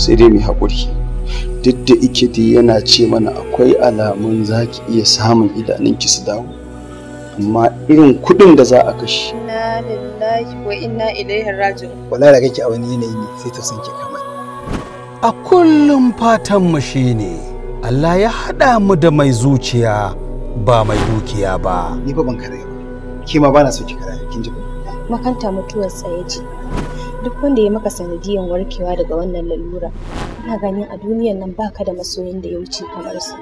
sai dai mai haƙuri duk da dai yana ce mana akwai alamun za ki iya samun idanunki su dawo amma irin kuɗin da za a kashe inna lillahi wa inna ilaihi raji'un wallahi da kake a wani yanayi ne sai ta sanke kama a kullum fatan mu shine Allah ya haɗa mu da mai zuciya ba mai dukiya ba ni fa ban kare ba ke ma bana so ki kare kin ji makanta mutuwar tsaye ce duk wanda ya maka sanadiyan warkewa daga wannan lalura ina ganin a duniyan nan baka da masoyin da ya wuce kamar su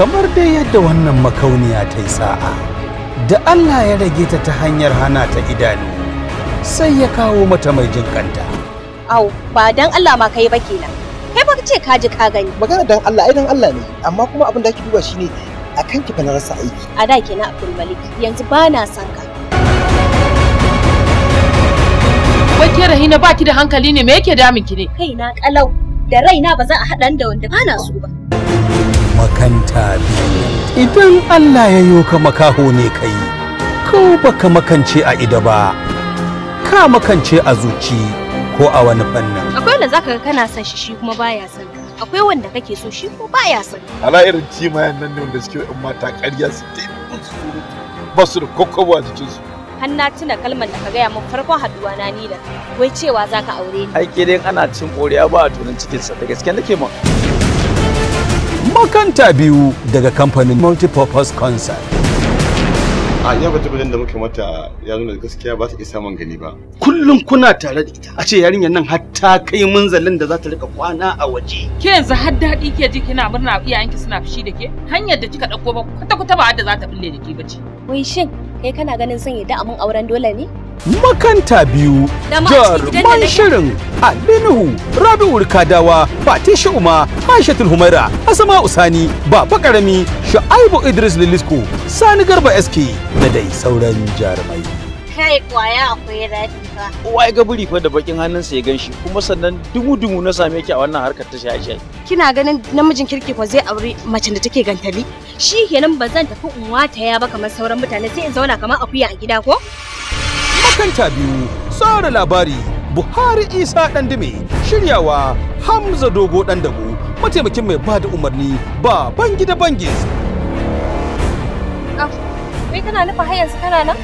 kamar dai yadda wannan makauniya ta yi sa'a da Allah ya rage ta ta hanyar hana ta idanu sai ya kawo mata mai jin kanta au ba dan Allah ma kai ba kenan kai ba ce ka ji ka gani magana dan Allah ai dan Allah ne amma kuma abin da ake duba shine akan ki fa na rasa aiki a da kenan Abdul Malik yanzu ba na son Wai ke Rahina baki da hankali ne me yake damun ki ne? Kaina kalau da raina ba za a haɗa da wanda bana so ba. Makanta Idan Allah ya yo ka makaho ne kai, ko baka makance a ido ba, ka makance a zuci ko a wani fannin. Akwai wanda zaka ga kana son shi shi kuma baya son Akwai wanda kake so shi ko baya son Ala irin kimayen nan ne wanda suke yan mata ƙarya su ba su da kokobo a jikinsu. har na tuna kalmar da ka gaya min farkon haduwa na ni da wai cewa za ka aure ni aiki dai ana cin koriya ba a tunan cikin sa da gaske nake ma makanta biyu daga kamfanin multipurpose concert a yau ba tabbatar da muke mata yarinyar gaskiya ba ta isa man gani ba kullum kuna tare da ita a ce yarinyar nan har ta kai munzalin da za ta rika kwana a waje ke yanzu har daɗi ke ji kina murna iyayenki suna fushi da ke hanyar da kika ɗauko ba kwata kwata ba da za ta bulle da ke bace wai shin kai kana ganin sun yadda auren dole ne makanta biyu jaruman shirin alinuhu rabi'ul kadawa fatisha uma aishatul humaira asama usani baba karami sha'aibu idris lilisko sani garba sk da dai sauran jarumai kai kwaya akwai daɗi fa. Kowa ya ga buri fa da bakin hannunsa ya gan shi kuma sannan dumu-dumu na same ki a wannan harkar ta shaye Kina ganin namijin kirki fa zai aure macen da take gantali? Shi kenan ba zan tafi in wataya ba kamar sauran mutane sai in zauna kamar akuya a gida ko? Makanta biyu, tsara labari, Buhari Isa Ɗandume, shiryawa Hamza Dogo Ɗandago, mataimakin mai ba da umarni ba bangi da bangis. Kai ah, kana nufa har yanzu kana nan?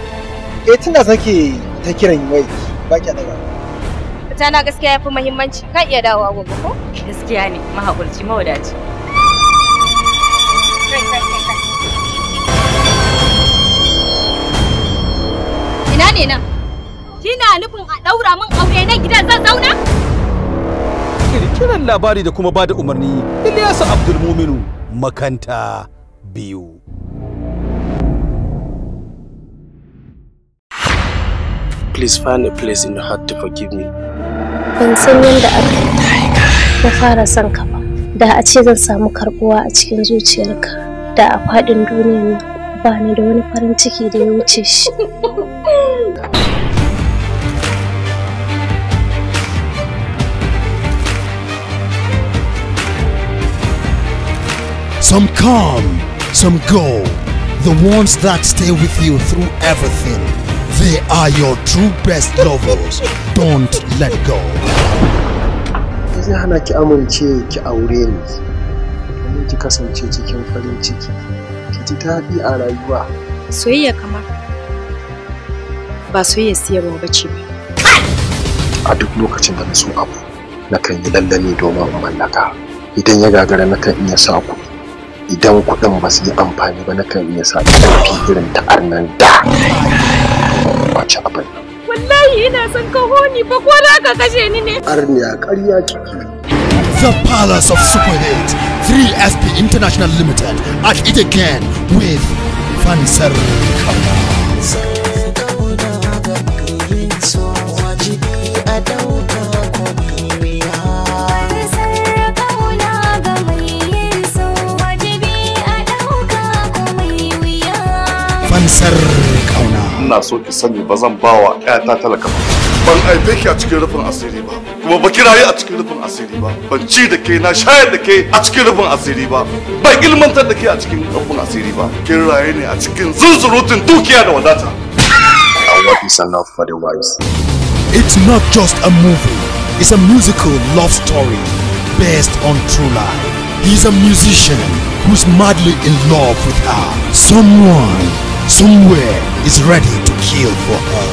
eh tunda sake ta kiran wai ba ki daga fita na gaskiya yafi muhimmanci kan iya dawowa gobe ko gaskiya ne mahaƙurci mawadaci ina ne nan kina nufin a ɗaura min aure na gidan zan zauna kirkiran labari da kuma bada umarni Ilyasu Abdulmuminu makanta biyu Please find a place in your heart to forgive me. Ban san yadda aka na fara son ka ba. Da a ce zan samu karbuwa a cikin zuciyarka. Da a faɗin duniyar nan ba ni da wani farin ciki da ya wuce shi. Some come, some go. The ones that stay with you through everything. They are your true best lovers. Don't let go. Zai hana ki amince ki aure ni. Domin ki kasance cikin farin ciki. Ki ji daɗi a rayuwa. Soyayya kamar ba soyayya siyarwa ba ce ba. A duk lokacin da na so abu, na kan yi lallani domin mallaka. Idan ya gagara na kan iya sa kuɗi. idan kuɗin ba su yi amfani ba na kan iya sa ƙarfi irin ta arnan da. ci abin wallahi ina son ka ni ba ko za ka kashe ni ne arniya ƙarya kike The Palace of Super Hit 3SP International Limited at it again with Fansar Kalas. Fansar ina so ki sani ba zan ba wa ƴata talaka ban haife ki a cikin rufin asiri ba kuma ba ki rayu a cikin rufin asiri ba ban ci da ke na shayar da ke a cikin rufin asiri ba ban ilmantar da ke a cikin rufin asiri ba kin raye ne a cikin zunzurutun dukiya da wadata what is enough for the wise it's not just a movie it's a musical love story based on true life He's a musician who's madly in love with her. Someone, somewhere is ready to kill for her.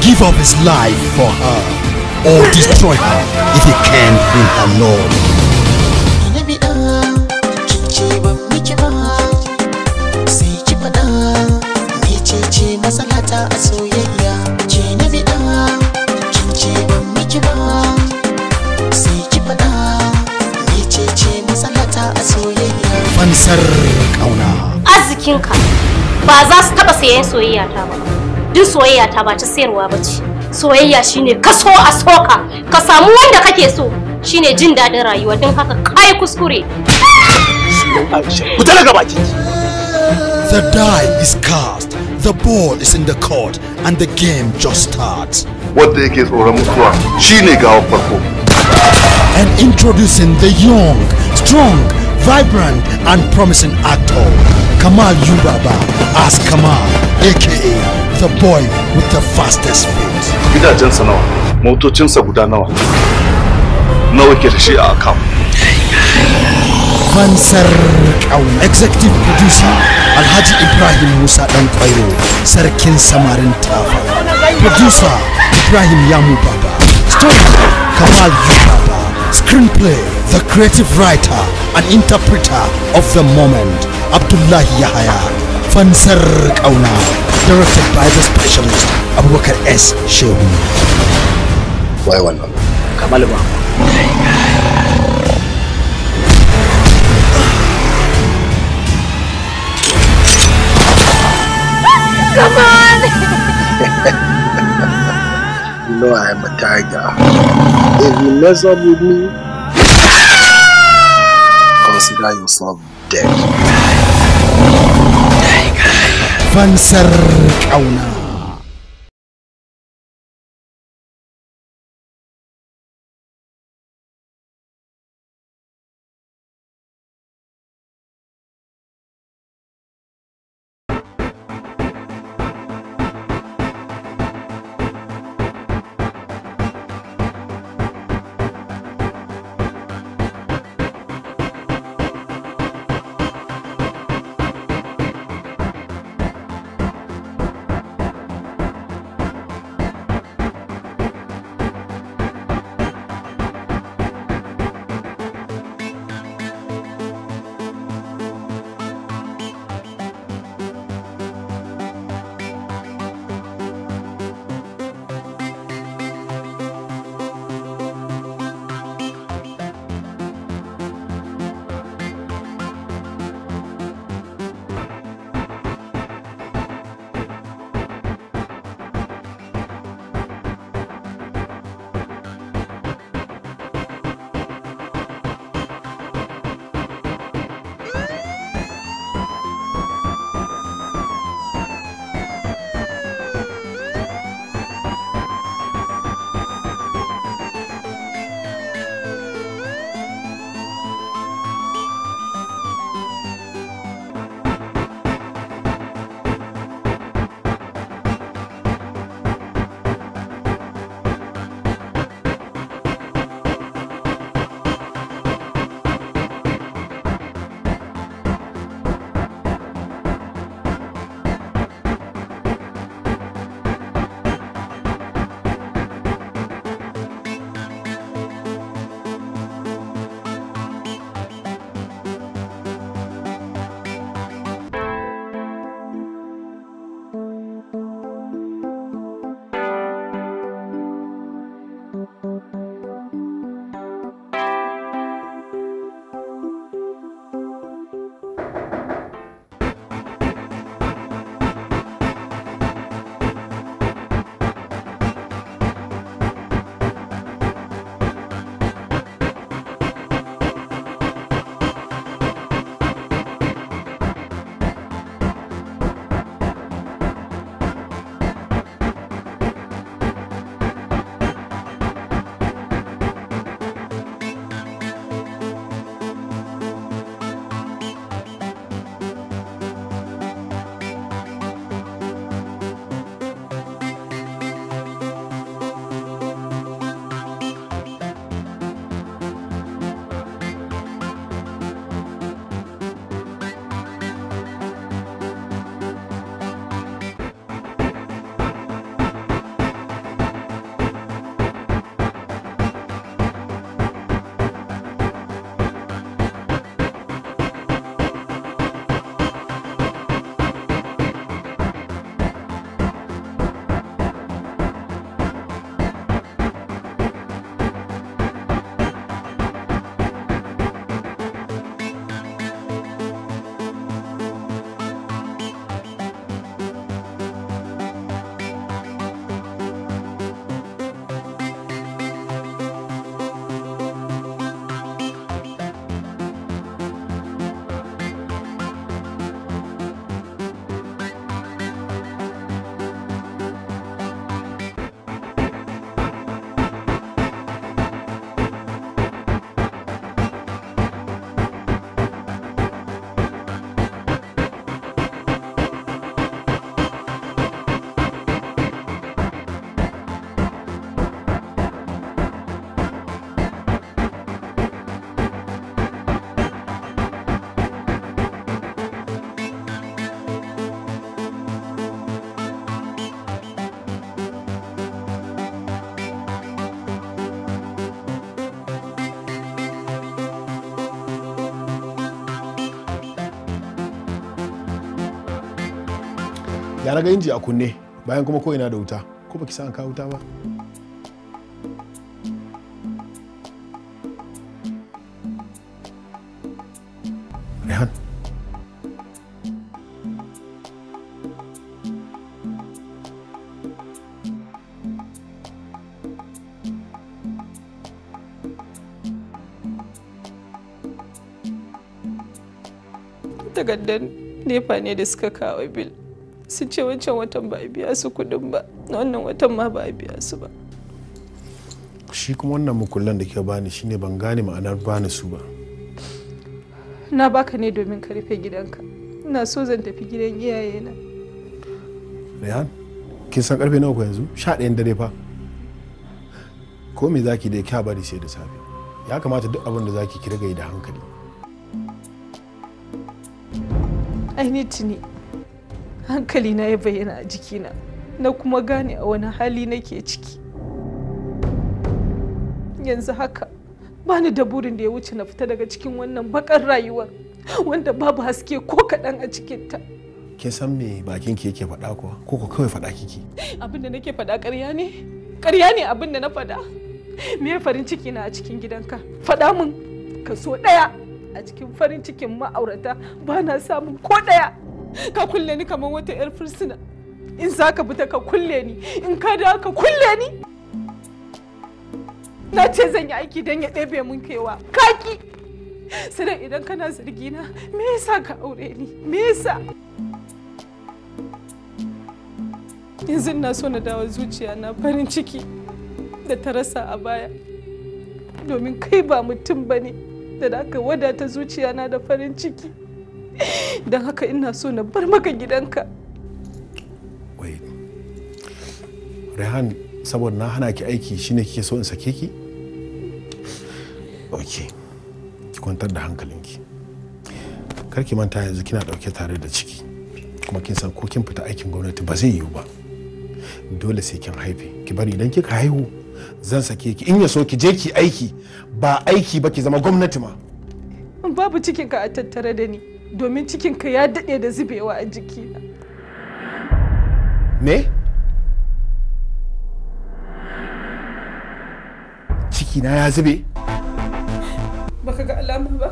Give up his life for her. Or destroy her if he can win her love. matar ƙauna. Arzikinka ba za su taɓa sayen soyayya ta ba. Duk soyayya ta ba ta sayarwa ba ce. Soyayya shine ka so a soka, ka samu wanda kake so shine jin daɗin rayuwa din haka kai kuskure. Ku tana gaba The die is cast, the ball is in the court, and the game just starts. Wadda yake tsoron mutuwa shine gawa farko. And introducing the young, strong, vibrant and promising actor, Kamal Yubaba as Kamal, aka the boy with the fastest feet. Gidajensa nawa, motocinsa guda nawa, nawa ke da shi a akam. Fansar Kauna, executive producer Alhaji Ibrahim Musa Dan Kwairo, Sarkin Samarin Tafa. Producer Ibrahim Yamu Baba. Story Kamal Yubaba. Screenplay the creative writer and interpreter of the moment, Abdullah Yahya Fansar Kauna, directed by the specialist Abubakar S. Shehu. Why one? Kamal Come on! you know I am a tiger. If you mess up with me, die yourself dead fansar ƙauna ga inji a kunne bayan kuma ko ina da wuta ko baki sa an kawo wuta ba Rehan takardar nefa ne da suka kawo bil su ce wancan watan ba a biya su kuɗin ba na wannan watan ma ba a biya su ba shi kuma wannan mukullan da ke bani shine ban gane ma'anar bani su ba na baka ne domin ka rufe gidanka ina so zan tafi gidan na rayan kin san karfe nawa ku yanzu sha ɗayan dare fa ko me zaki da kya bari sai da safe ya kamata duk abin da zaki ki riga da hankali ai ni tuni hankali na ya bayyana a jikina na kuma gane a wani hali nake ciki yanzu haka ni da burin da ya wuce na fita daga cikin wannan bakar rayuwar wanda babu haske ko kaɗan a cikinta kin san me bakin ki yake faɗa kuwa ko ku kawai faɗa kiki abin da nake faɗa ƙarya ne ƙarya ne abin da na faɗa me farin ciki na a cikin gidanka faɗa min kaso ɗaya a cikin farin cikin ma'aurata ba na samun ko ɗaya ka kulle ni kamar wata 'yar fursuna in za ka fita ka kulle ni in ka da ka kulle ni na ce zan yi aiki don ya ɗebe mun kewa kaki sai idan kana zargina me yasa ka aure ni me yasa yanzu na so na dawo zuciya na farin ciki da ta rasa a baya domin kai ba mutum ba ne da aka wadata zuciya na da farin ciki dan haka ina so na bar maka gidanka wai rehan saboda na hana ki aiki shine kike so in sake ki ok ki kwantar da hankalinki kar ki manta yanzu kina dauke tare da ciki kuma kin san ko kin fita aikin gwamnati ba zai yiwu ba dole sai kin haife ki bari idan kika haihu zan sake ki in ya so ki je ki aiki ba aiki ba ki zama gwamnati ma babu cikinka a tattare da ni domin cikinka ya daɗe da zubewa a jikina. Me? Cikina ya zube? Baka ga alama ba?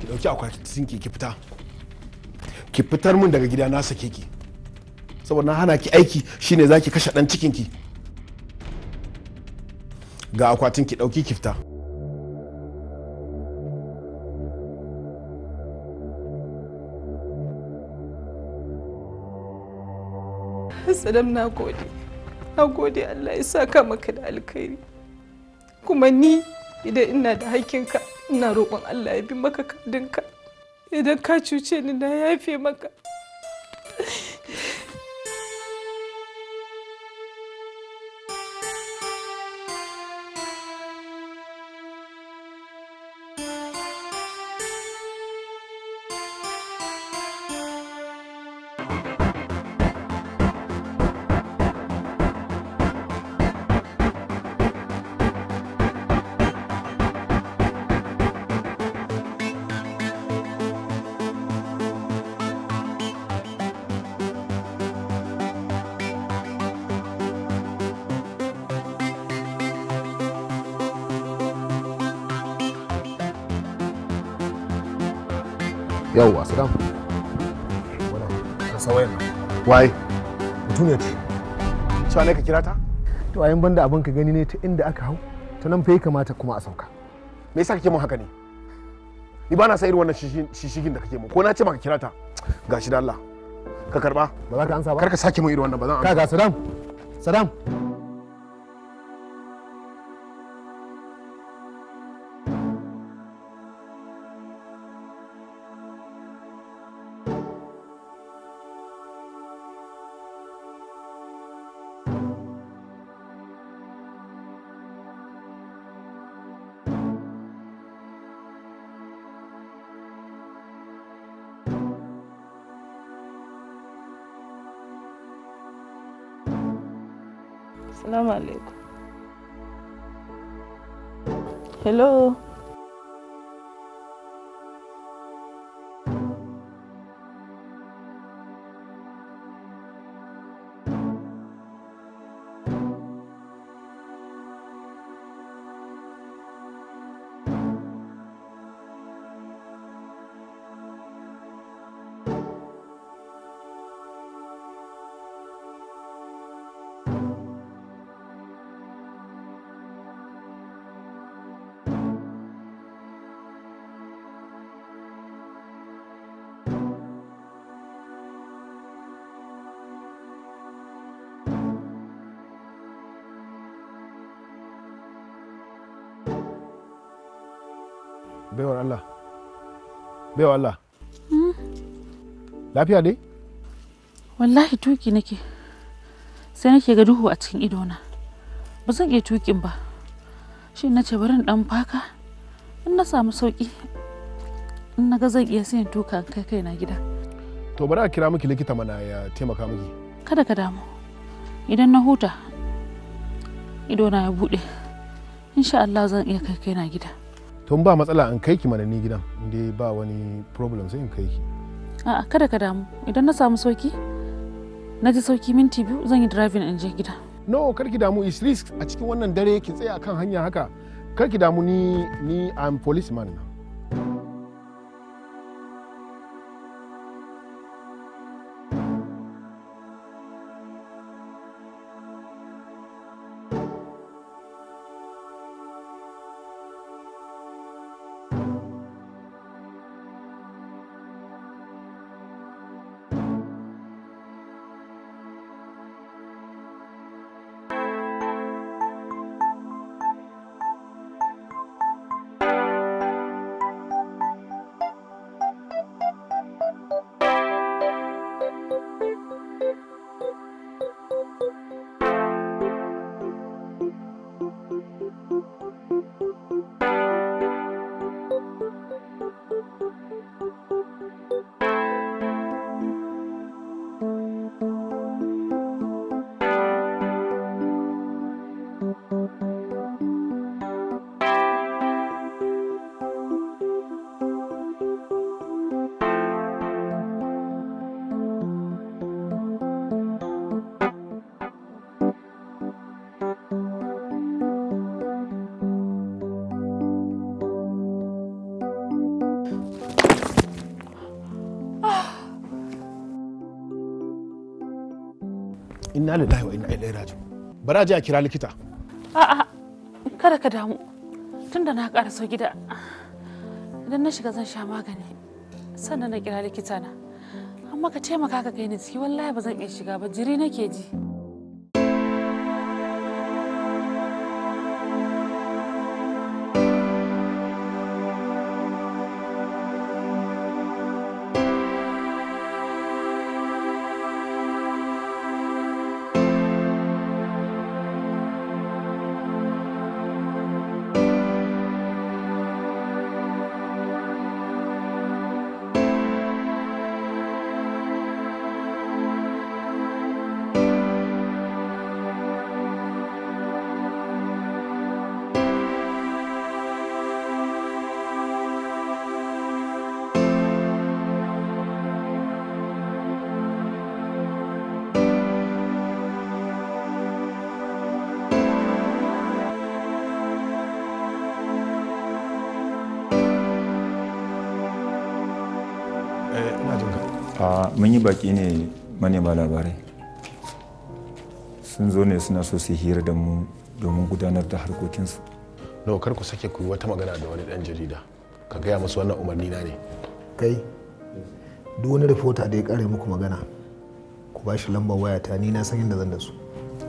Ki ɗauki akwatin ki fita. Ki fitar mun daga gida na sake ki. saboda hana ki aiki shine zaki kashe dan cikin ki ga akwatin ki dauki kifta Salam na gode, na gode Allah ya saka maka da alkhairi. Kuma ni idan ina da hakinka ina roƙon Allah ya bi maka kadinka. Idan ka cuce ni na yafe maka. Wai? Duniya ce. Cewa ne ka kira ta? To a ayin banda abin ka gani ne ta inda aka hau ta nan fa ya kamata kuma a sauka. Me yasa kake mun haka ne? Ni ba na sa irin wannan shishigin da kake mun. Ko na ce maka kira ta? Gashi da Allah. Ka karba. Ba za ka ansa ba. Karka ka sake mun irin wannan ba zan ansa. Ka ga Saddam. Saddam. bai Allah lafiya dai wallahi tuki nake sai nake ga duhu a cikin idona ba zan iya tukin ba shi na ce bari dan faka in na samu sauki in na ga zan iya in tuka kai kai na gida to bari a kira miki likita mana ya taimaka miki kada ka damu idan na huta idona ya bude insha Allah zan iya kai kai na gida tun ba matsala in kai ki mana ni gidan inda ba wani problem sai in kai ki a kada ka damu idan na samu sauki na ji sauki minti biyu zan yi driving in je gida no kar ki damu is risk a cikin wannan dare ki tsaya akan hanya haka kar ki damu ni ni am policeman na inna lillahi wa inna ilaihi raji bari a je a kira likita a'a kada ka damu tunda na so gida idan na shiga zan sha magani sannan na kira likita na amma ka taimaka ka kai ni ciki wallahi ba zan iya shiga ba jiri nake ji mun yi baki ne manema labarai sun zo ne suna so su hira da mu domin gudanar da harkokinsu no kar ku sake ku yi wata magana da wani dan jarida ka gaya musu wannan umarni na ne kai duk wani reporter da ya kare muku magana ku ba shi lambar waya ta ni na san yadda zan da su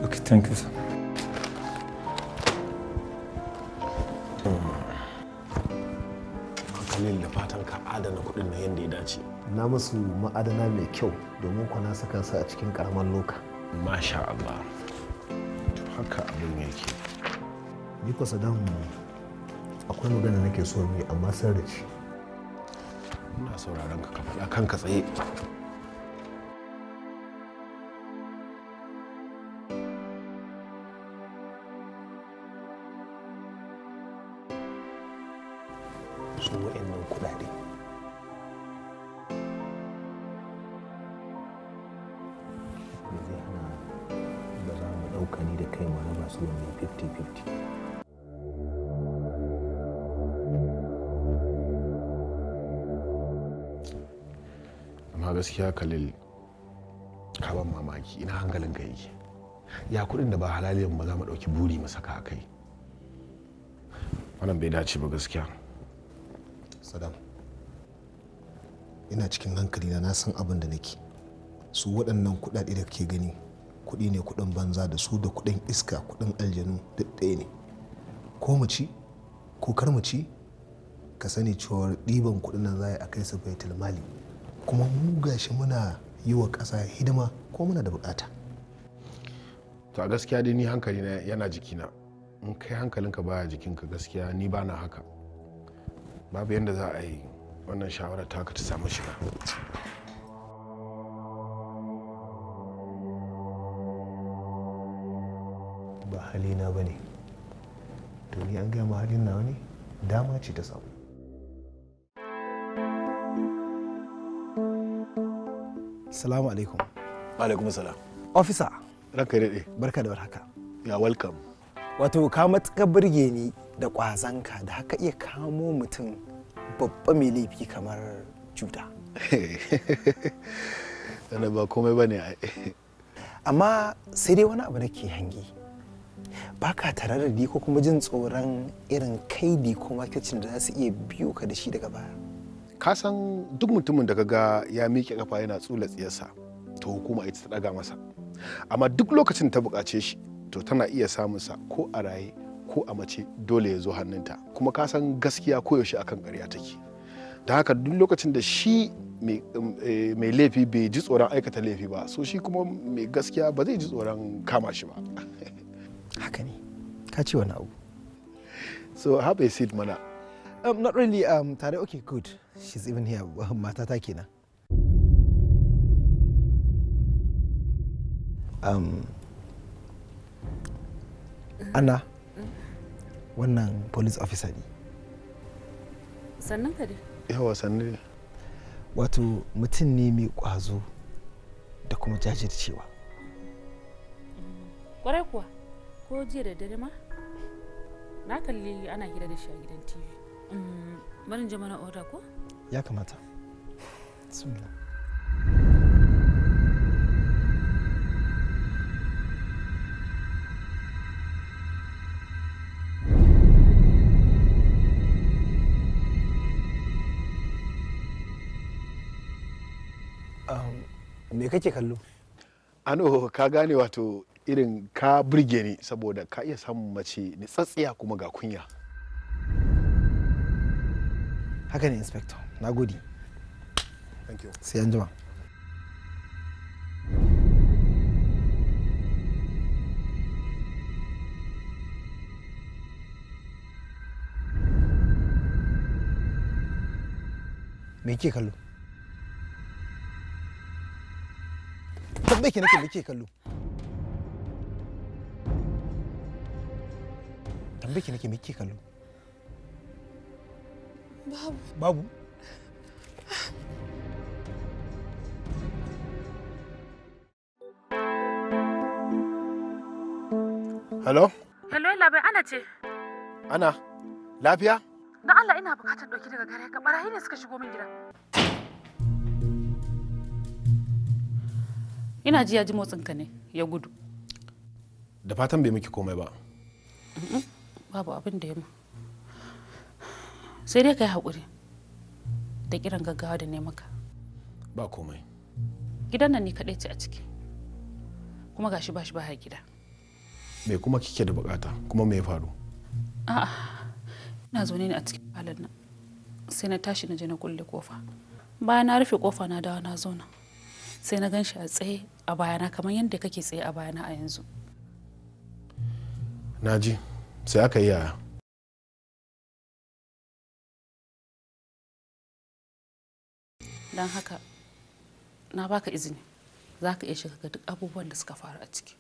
okay thank you sir adana kuɗin na yadda ya dace na musu ma'adana mai kyau domin kwana saka su a cikin karamar loka masha Allah haka abin yake ni ku sadan akwai magana nake so mu amma sarrace ina sauraron ka ka faɗa kanka tsaye gaskiya ka kaban mamaki ina hankalin ka yake ya kudin da ba halaliyan ba za mu dauki buri mu saka a kai wannan bai dace ba gaskiya sadam ina cikin hankali na san abin da nake su waɗannan kuɗaɗe da kake gani kuɗi ne kuɗin banza da su da kuɗin iska kuɗin aljanu duk ɗaya ne ko mu ci ko kar mu ci ka sani cewa ɗiban kuɗin nan za a kai su baitul mali kuma mu gashi muna yi wa ƙasa hidima ko muna da bukata to a gaskiya dai ni hankali na yana jikina in kai hankalinka baya jikinka gaskiya ni ba na haka babu yadda za a yi wannan shawara ta ta samu shiga ba halina ba ne to ni an gaya ma halin nawa ne dama ce ta samu Assalamu alaikum. Wa alaikum salam. Officer. Ranka dade Barka da warhaka. Ya welcome. Wato ka matuƙar burge ni da ƙwazanka da haka iya kamo mutum babba mai laifi kamar cuta Sana ba komai ba ne Amma sai dai wani abu da ke hangi. Ba ka tare da ko kuma jin tsoron irin kaidi ko kicin da za su iya biyo ka da shi daga baya. ka san duk mutumin da ga ya miƙe kafa yana tsula tsiyarsa to hukuma ita ta ɗaga masa amma duk lokacin ta buƙace shi to tana iya samun sa ko a raye ko a mace dole ya zo hannunta kuma ka san gaskiya koyaushe akan ƙarya take da haka duk lokacin da shi eh, mai laifi bai ji tsoron aikata laifi ba so shi kuma mai gaskiya ba zai ji tsoron kama shi ba haka ne ka ce wani abu so haɓe seed mana Um, not really. Um, Tare, okay, good. She's even here. Matata kenan. Um, Anna, one wannan police officer ne. Sannan ka dai? Yawa sannan dai. Wato mutum ne mai ƙwazo da kuma jajircewa. Kwarai kuwa, ko jiya da dare ma? Na kalli ana gida da shi a gidan TV. Mm, barin je ko ya kamata bismillah me kake kallo ano ka gane wato irin ka burge ni saboda ka iya samun mace ni nitsatsiya kuma ga kunya haka ne inspector na gode sai an jima me ke kallo tabbai ke nake me ke kallo tabbai ki nake me ke kallo Babu. Babu? Hello? Hello, labai ana ce. Ana, lafiya? Don Allah ina bukatar ɗauki daga gare ka barayi ne suka shigo min gida. Ina ji ya ji ne, ya gudu. Da fatan bai miki komai ba. Babu abin da ya sai dai ka yi haƙuri da kiran gaggawa da ne maka ba komai gidan nan ne kaɗai ce a ciki kuma gashi ba shi ba gida me kuma kike da bukata kuma me ya faru a'a ina zaune ne a cikin falon nan sai na tashi na je na kulle kofa bayan na rufe kofa na dawo na zauna sai na gan shi a tsaye a bayana kamar yadda kake tsaye a bayana a yanzu na ji sai aka yi yaya don haka na baka izini za ka iya shiga duk abubuwan da suka faru a ciki.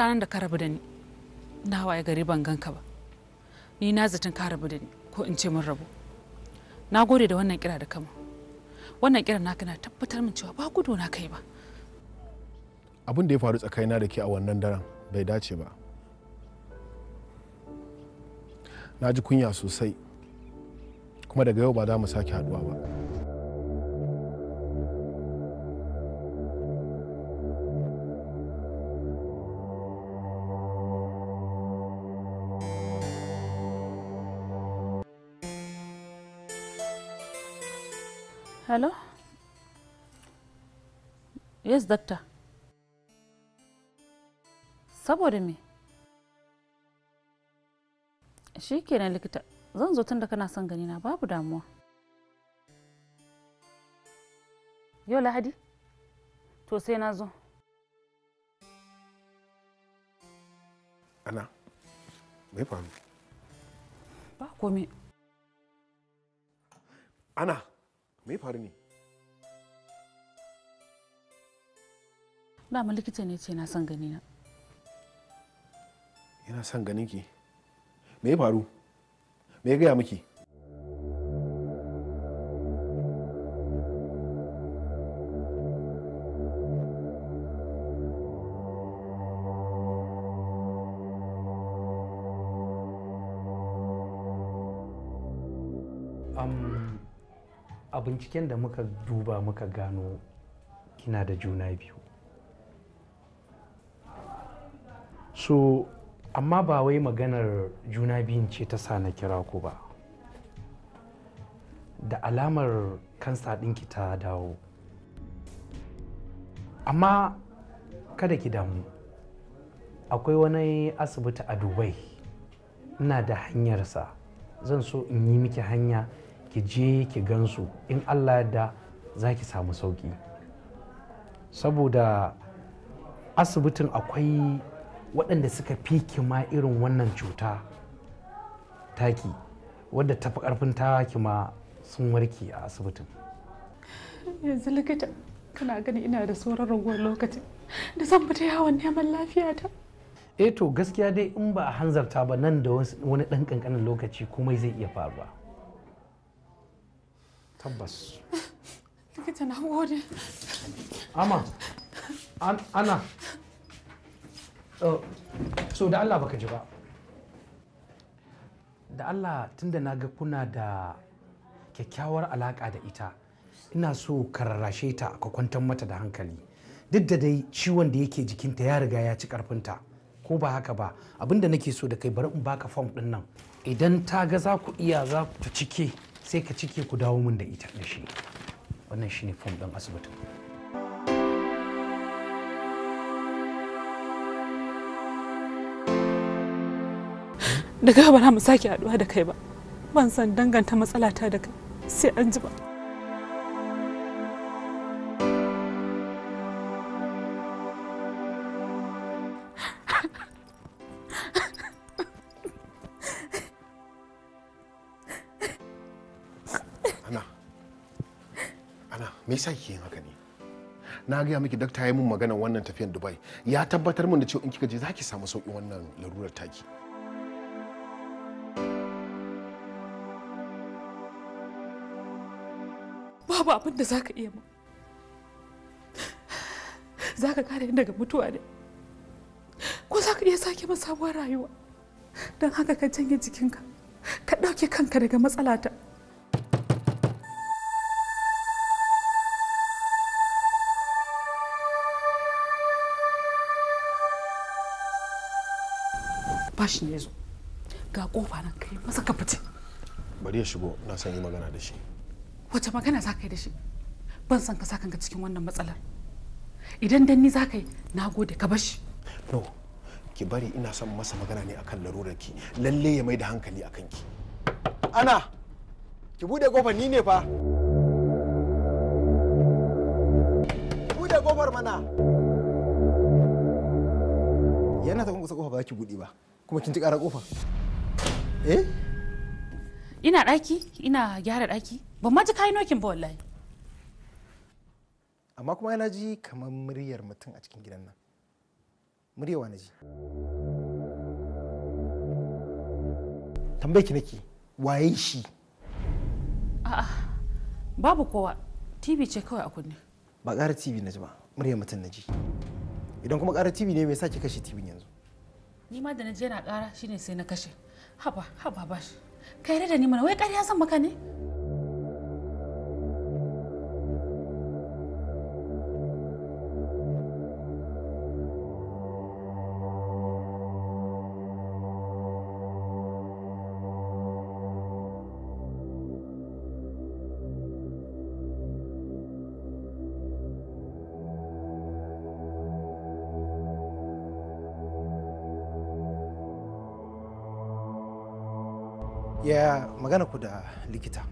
ranar da ka rabu da ni na waye gari ban ganka ba ni na zaton ka rabu da ni ko in ce mun rabu na gode da wannan kira da kama wannan kira naka na tabbatar min cewa ba gudu na kai ba abin da ya faru tsakanina da ke a wannan daren bai dace ba na ji kunya sosai kuma daga yau ba za mu sake haduwa ba hello yes doctor saboda me shi kenan likita zan zo tunda kana son ganina babu damuwa yau lahadi to sai na zo ana bai faru ba komai ana me faru ne dama likita ne ce na son gani na yana son ganin ki me ya faru me ya gaya miki binciken da muka duba muka gano kina da juna biyu so amma ba wai maganar juna biyun ce ta sa na kira ku ba da alamar kansa ɗinki ta dawo amma kada ki damu akwai wani asibiti a dubai ina da hanyarsa zan so in yi miki hanya ki je ki gan su in allah yadda za ki samu sauki saboda asibitin akwai waɗanda suka fi kima irin wannan cuta taki wadda ta fi ƙarfin taki ma sun warke a asibitin yanzu likita kana gani ina da sauran ragowar lokaci da zan fita yawon neman lafiyata eh to gaskiya dai in ba a hanzarta ba nan da wani ɗan ƙanƙanin lokaci komai zai iya faruwa tabbas likita na gode ama ana oh, so da allah baka ji ba da allah tunda na ga kuna da kyakkyawar alaka da ita ina so ka rarrashe ta ka kwantar mata da hankali duk da dai ciwon da yake jikinta ya riga ya ci karfinta ko ba haka ba abinda nake so da kai bari in baka fom din nan idan ta ga za ku iya za ku cike sai ka cike ku dawo min da ita da shi wannan shine fom ɗin asibitin daga ba mu sake haɗuwa da kai ba ban san danganta matsalata da kai sai an ji ba yasa kike yin haka ne na gaya miki dakta ya mun magana wannan tafiyar dubai ya tabbatar min da cewa in kika je zaki samu sauki wannan larurar taki babu abin da zaka iya ma zaka kare ni daga mutuwa ne ko zaka iya sake min sabuwar rayuwa don haka ka janye jikinka ka ɗauke kanka daga matsalata nashi ne zo ga kofa nan kai masa ka fita bari ya shigo na san yi magana da shi wace magana za ka yi da shi ban san ka sa kanka cikin wannan matsalar idan danni za ka yi na gode ka bashi no ki bari ina son masa magana ne akan larurar ki lalle ya mai da hankali akan ki ana ki bude kofar ni ne fa bude kofar yana ta kun kusa kofa ba ki bude ba kuma kin ji ƙara ƙofa eh ina ɗaki ina gyara ɗaki ban ma ji kayi nokin ba wallahi amma kuma yana ji kamar muryar mutum a cikin gidan nan muryawa na ji tambaye ki nake waye shi a'a babu kowa tv ce kawai a kunne ba ƙara tv na ji ba muryar mutum na ji idan kuma ƙara tv ne me yasa ki kashe tv yanzu ni ma da naje je na ƙara shine sai na kashe haba haba bashi kai da ni mana wai karya zan maka ne magana ku da likita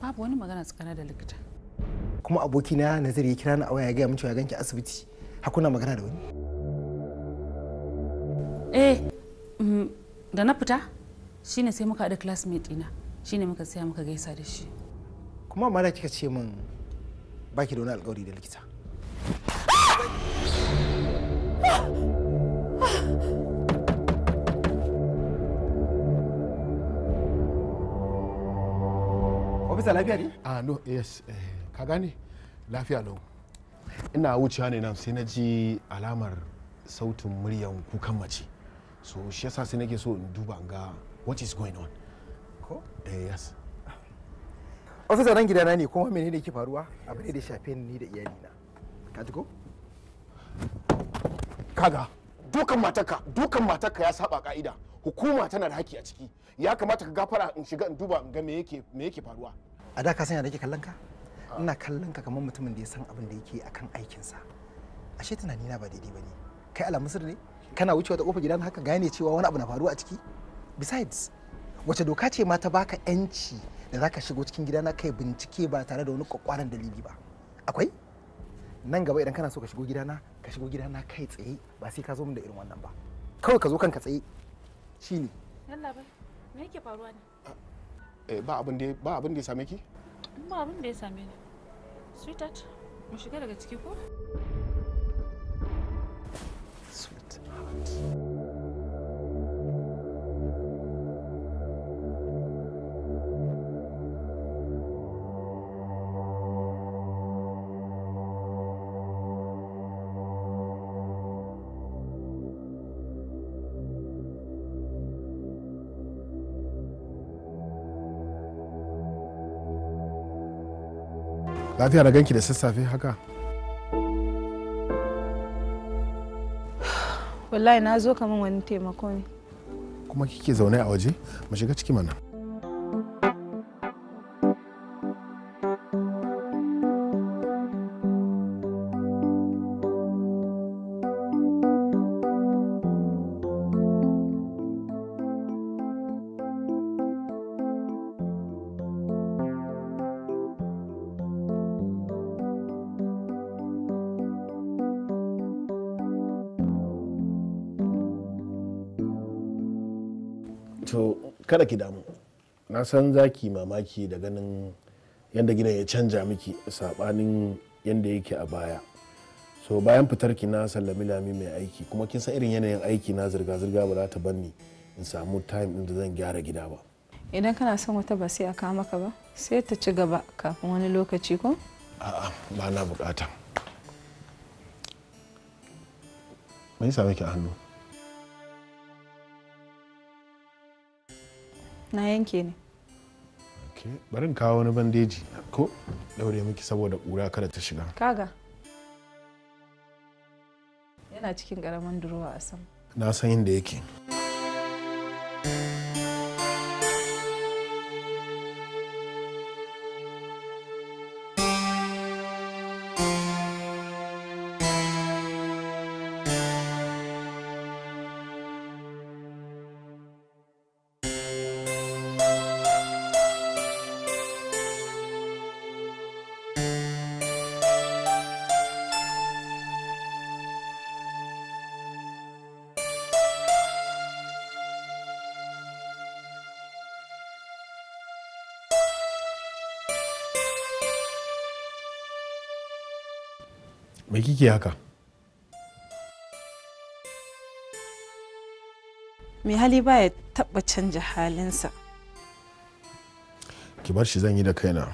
babu wani magana tsakanin da likita kuma abokina nazir ya kira ni a waya ga gaya min cewa ganki asibiti hakuna magana da wani eh mm, da na fita shine sai muka haɗa classmate ɗina shine muka saya muka gaisa da shi kuma amma da kika ce min baki da wani alƙawari da likita Ah! ofisa lafiya ne ah no yes eh, ka gane lafiya lau ina wucewa ne nan sai na ji alamar sautin muryan kukan mace so shi yasa sai nake so in duba in ga what is going on ko eh yes ofisa nan gidana ne kuma menene yake faruwa abu ne da shafe ni da na. ka tuko? kaga dukan matarka dukan matarka ya saba ka'ida hukuma tana da haƙƙi a ciki ya kamata ka gafara in shiga in duba in ga me yake me yake faruwa a da ka san da ke kallon ka ah. ina kallon ka kamar mutumin da ya san abin da yake akan aikinsa ashe tunani na ba daidai bane kai ala misir ne kana wucewa ta kofar gidan haka gane cewa wani abu na faruwa a ciki besides wace doka ce ma ta baka yanci da zaka shigo cikin gidana kai bincike ba tare da wani kwakwaran dalili ba akwai nan gaba idan kana so ka shigo gidana ka shigo gidana kai tsaye ba sai ka zo min da irin wannan ba kawai ka zo kanka tsaye shine yalla bai me yake faruwa ne ah, Eh, ba abin da ba abin da ya same ki ba abin da ya same ni sweetheart mu shiga daga ciki ko sweetheart lafiya na ganki da sassafe haka wallahi na zo kamar wani taimako ne kuma kike zaune a waje mu shiga ciki mana kada ki damu na san za mamaki da ganin yadda gidan ya canja miki sabanin yadda yake a baya so bayan fitar ki na sallami lami mai aiki kuma kin san irin yanayin aiki na zirga-zirga ba za ta ni in samu time din da zan gyara gida ba idan kana son wata ba sai a kawo maka ba sai ta ci gaba kafin wani lokaci ko a'a ba na bukata me yasa miki a hannu na yanke ne bari in kawo wani bandeji ko daure miki saboda ƙura kada ta shiga kaga yana cikin ƙaramin durowa a sama na san inda yake kike haka mai hali ba ya taba canja halinsa ki bar shi zan yi da kaina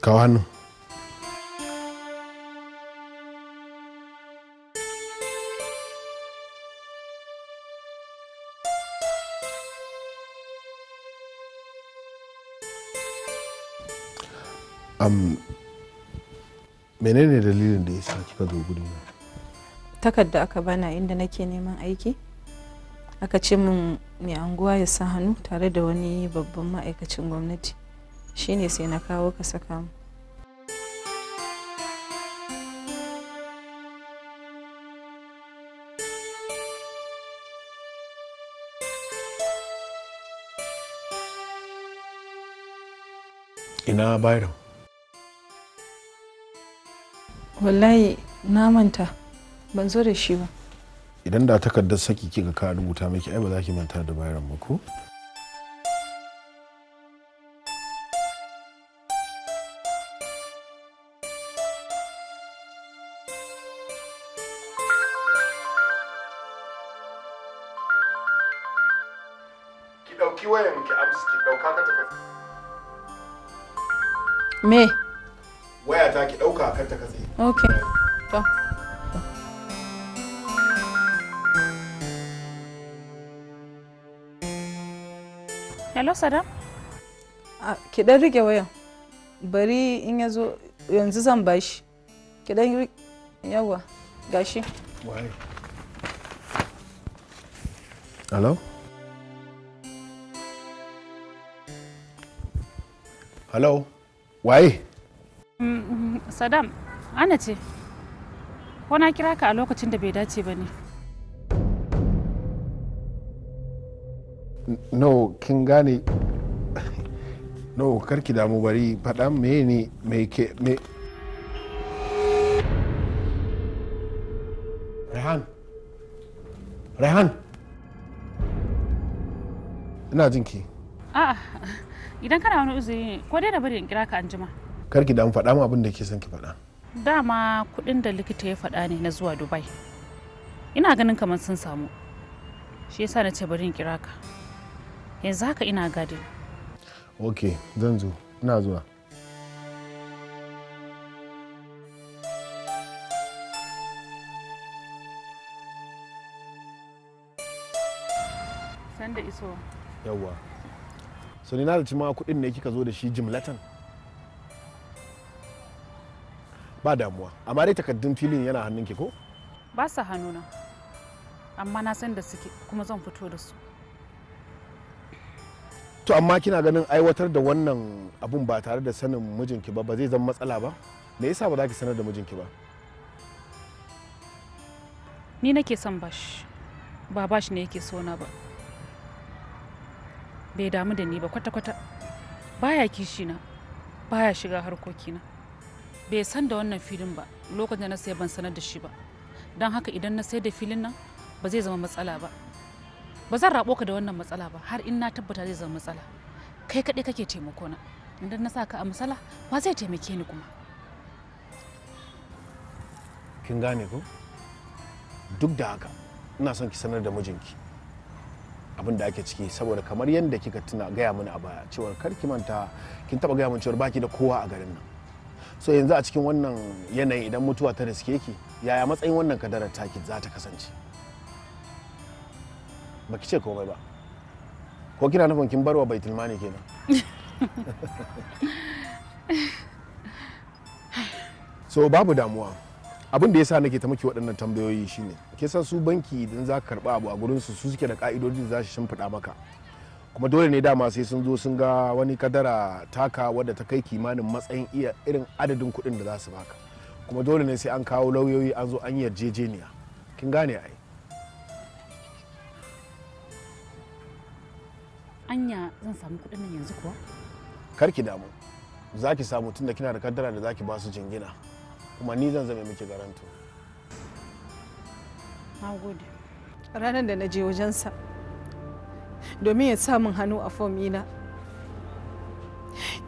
kawo hannu um, menene dalilin da ya sa kika zo guri na takarda aka bana inda nake neman aiki aka ce min mai anguwa ya sa hannu tare da wani babban ma'aikacin gwamnati shine sai na kawo ka saka mu ina bayram wallahi na manta ban zo da shi ba idan da takardar saki kika ka rubuta miki ai ba za ki manta da bayaran ba ko ki ɗauki wayan ki amsa ki ɗauka ka tafi me ɗauka kar ta katse hello sadam ki rike wayan bari in ya zo yanzu zan bashi ki dan yawa gashi hello hello waye Saddam, ana ce, ko na kira ka a lokacin da bai dace ba ne. No, kin gane, no, karki damu bari faɗan me ne mai ke, me. Rehan, Rehan, ina jinki. A'a, idan kana wani uzuri ne, ko dai da bari in kira ka anjima. kar ki damu faɗa mu abin da ke son ki faɗa dama kuɗin da likita ya faɗa ne na zuwa dubai ina ganin kamar sun samu shi yasa na ce bari in kira ka yanzu haka ina gadi ok zan zo ina zuwa sanda iso yawwa so ni na da cima kuɗin ne kika zo da shi jimlatan ba damuwa amma dai takaddun filin yana hannun ki ko ba su hannuna amma na san da suke kuma zan fito da su to amma kina ganin aiwatar da wannan abun ba tare da sanin mijinki ba ba zai zama matsala ba me yasa ba za ki sanar da mijinki ba ni nake son bash ba bash ne yake sona ba bai damu da ni ba kwata-kwata baya kishina baya shiga harkokina bai san da wannan filin ba lokacin da na sai ban sanar da shi ba don haka idan na sai da filin nan ba zai zama matsala ba ba zan rabo ka da wannan matsala ba har in na tabbata zai zama matsala kai kaɗai kake taimako na idan na sa ka a matsala ba zai taimake ni kuma kin gane ko duk da haka ina son ki sanar da mijinki abin da ake ciki saboda kamar yadda kika tuna gaya mini a baya cewar kar ki manta kin taba gaya min cewar baki da kowa a garin nan so yanzu a cikin wannan yanayi idan mutuwa ta riske ki yaya matsayin wannan kadarar taki za ta kasance baki ce komai ba ko kina nufin kin barwa bai tilmani kenan so babu damuwa abin da sa nake ta maki waɗannan tambayoyi shine ke su banki idan za ka karɓa abu a gurin su su suke da ka'idodi za su shimfiɗa maka kuma dole ne dama sai sun zo sun ga wani kadara taka wadda ta kai kimanin matsayin iya irin adadin kuɗin da za su baka kuma dole ne sai an kawo lauyoyi an zo an yarjejeniya kin gane ai anya zan samu kuɗin nan yanzu kuwa kar ki damu za ki samu tunda kina da kadara da za ki ba su jingina kuma ni zan zame miki garanto na gode ranar da na je wajensa domin ya sa min hannu a fomina.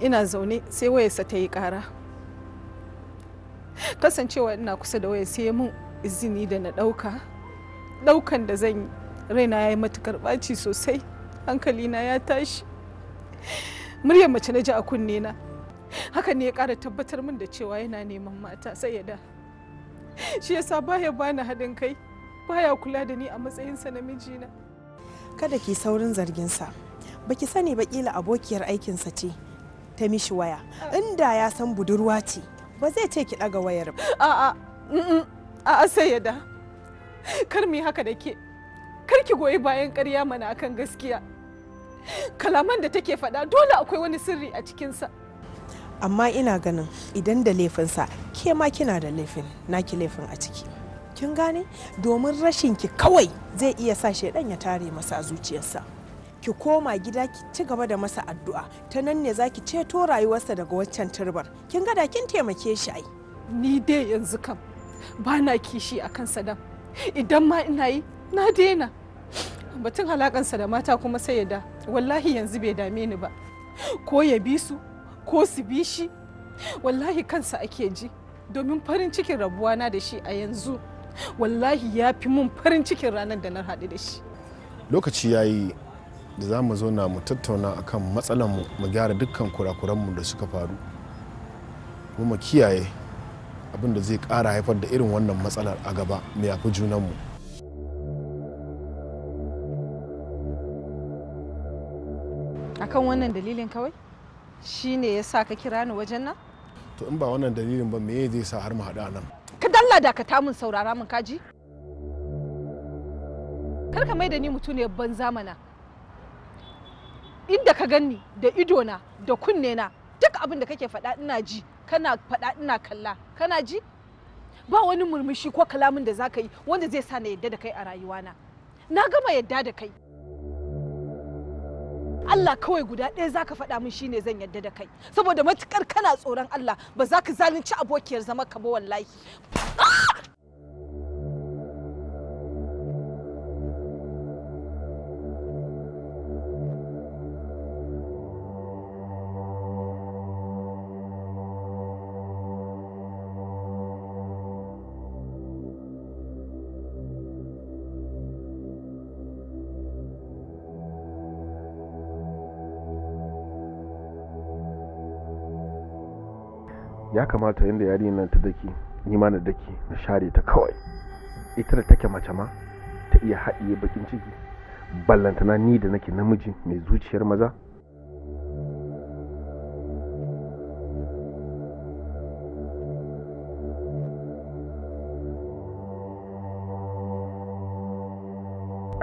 ina zaune sai wayarsa ta yi ƙara kasancewa ina kusa da waya sai mun izini da na ɗauka ɗaukan da zan yi raina ya yi matukar ɓaci sosai hankalina ya tashi muryar mace na ji a kunne na hakan ne ya ƙara tabbatar min da cewa yana neman mata sai ya da shi yasa baya bani haɗin kai baya kula da ni a matsayinsa na kada ki saurin zarginsa baki sani ba kila abokiyar aikinsa ce ta mishi waya inda ya san budurwa ce ba zai ce ki ɗaga wayar ba a'a a'a sai ya kar mu haka da ke kar ki goyi bayan ƙarya mana akan gaskiya kalaman da take faɗa dole akwai wani sirri a cikinsa amma ina ganin idan da laifinsa ke ma kina da laifin naki laifin a ciki kin gane domin rashin ki kawai zai iya sa shaidan ya tare masa zuciyarsa ki koma gida ki ci gaba da masa addu'a ta nan ne zaki ceto rayuwarsa daga waccan turbar kin ga da kin taimake shi ai ni dai yanzu kam ba na kishi a kan sadam idan ma ina yi na daina batun halakansa da mata kuma sai ya da wallahi yanzu bai dame ni ba ko ya bi su ko su bi shi wallahi kansa ake ji domin farin cikin rabuwa na da shi a yanzu wallahi ya fi mun farin cikin ranar da na haɗu da shi lokaci ya yi da za mu zauna mu tattauna akan matsalar mu mu gyara dukkan mu da suka faru kuma mu kiyaye abin da zai ƙara haifar da irin wannan matsalar a gaba mu yafi junanmu akan wannan dalilin kawai shi ne ya sa ka kira ni wajen nan to in ba wannan dalilin ba me zai sa har mu haɗu a nan Allah dakata mun saurara mun kaji kar ka mai da ni mutune ban zamana inda ka ganni da idona da kunne na duk abin da kake faɗa ina ji kana faɗa ina kalla kana ji ba wani murmushi ko kalamin da zaka yi wanda zai sa na yadda da kai a rayuwana na gama yadda da kai Allah kawai guda ɗaya za ka faɗa min shine zan yadda da kai saboda matukar kana tsoron Allah ba za ka zalunci abokiyar zama ka ba wallahi ah! ya kamata yadda yarinyar nan ta dake ni ma na dake na share ta kawai ita da take mace ma ta iya haɗiye bakin ciki ballantana ni da nake namiji mai zuciyar maza